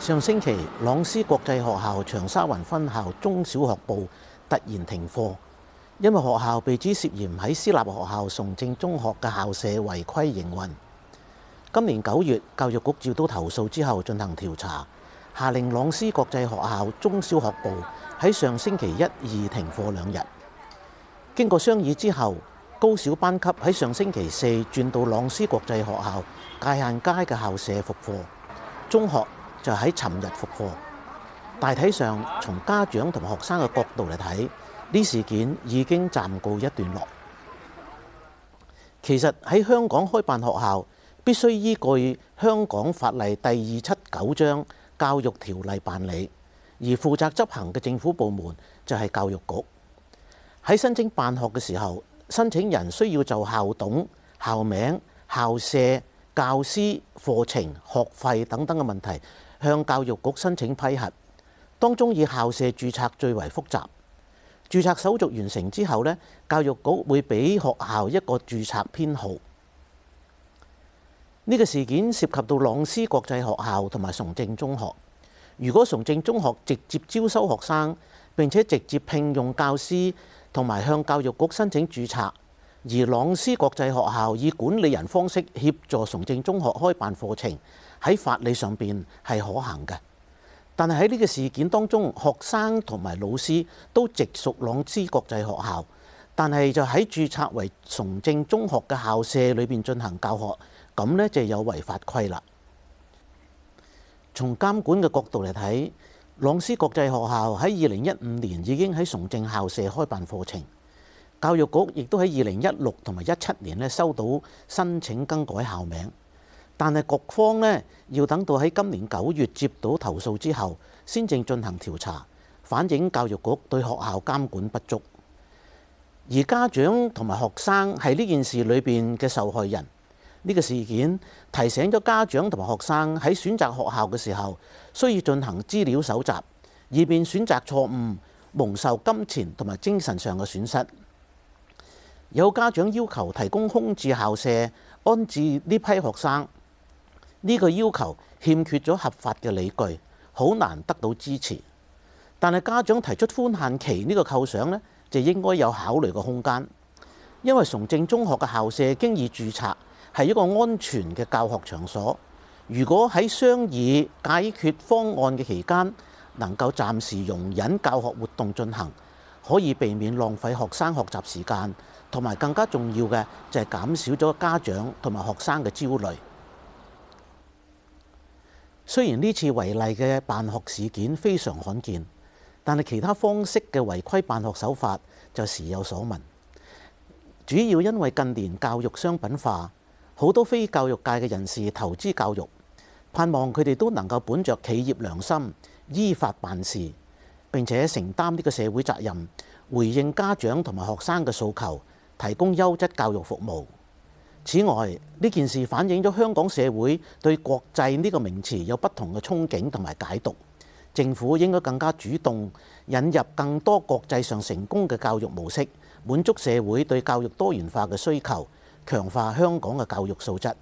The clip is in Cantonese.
上星期，朗思國際學校長沙灣分校中小學部突然停課，因為學校被指涉嫌喺私立學校崇正中學嘅校舍違規營運。今年九月，教育局接到投訴之後進行調查，下令朗思國際學校中小學部喺上星期一、二停課兩日。經過商議之後，高小班級喺上星期四轉到朗思國際學校界限街嘅校舍復課。中學，就喺尋日復課，大體上從家長同學生嘅角度嚟睇，呢事件已經暫告一段落。其實喺香港開辦學校，必須依據香港法例第二七九章《教育條例》辦理，而負責執行嘅政府部門就係教育局。喺申請辦學嘅時候，申請人需要就校董、校名、校舍、教師、課程、學費等等嘅問題。向教育局申請批核，當中以校舍註冊最為複雜。註冊手續完成之後咧，教育局會俾學校一個註冊編號。呢、這個事件涉及到朗思國際學校同埋崇正中學。如果崇正中學直接招收學生並且直接聘用教師，同埋向教育局申請註冊，而朗思國際學校以管理人方式協助崇正中學開辦課程。喺法理上邊係可行嘅，但係喺呢個事件當中，學生同埋老師都直屬朗思國際學校，但係就喺註冊為崇正中學嘅校舍裏邊進行教學，咁呢就有違法規啦。從監管嘅角度嚟睇，朗思國際學校喺二零一五年已經喺崇正校舍開辦課程，教育局亦都喺二零一六同埋一七年呢收到申請更改校名。但係局方呢，要等到喺今年九月接到投訴之後，先正進行調查，反映教育局對學校監管不足，而家長同埋學生係呢件事裏面嘅受害人。呢個事件提醒咗家長同埋學生喺選擇學校嘅時候，需要進行資料搜集，以免選擇錯誤，蒙受金錢同埋精神上嘅損失。有家長要求提供空置校舍安置呢批學生。呢個要求欠缺咗合法嘅理據，好難得到支持。但係家長提出寬限期呢個構想呢，就應該有考慮嘅空間。因為崇正中學嘅校舍經已註冊，係一個安全嘅教學場所。如果喺商議解決方案嘅期間，能夠暫時容忍教學活動進行，可以避免浪費學生學習時間，同埋更加重要嘅就係減少咗家長同埋學生嘅焦慮。雖然呢次違例嘅辦學事件非常罕見，但係其他方式嘅違規辦學手法就時有所聞。主要因為近年教育商品化，好多非教育界嘅人士投資教育，盼望佢哋都能夠本着企業良心，依法辦事，並且承擔呢個社會責任，回應家長同埋學生嘅訴求，提供優質教育服務。此外，呢件事反映咗香港社會對國際呢個名詞有不同嘅憧憬同埋解讀，政府應該更加主動引入更多國際上成功嘅教育模式，滿足社會對教育多元化嘅需求，強化香港嘅教育素質。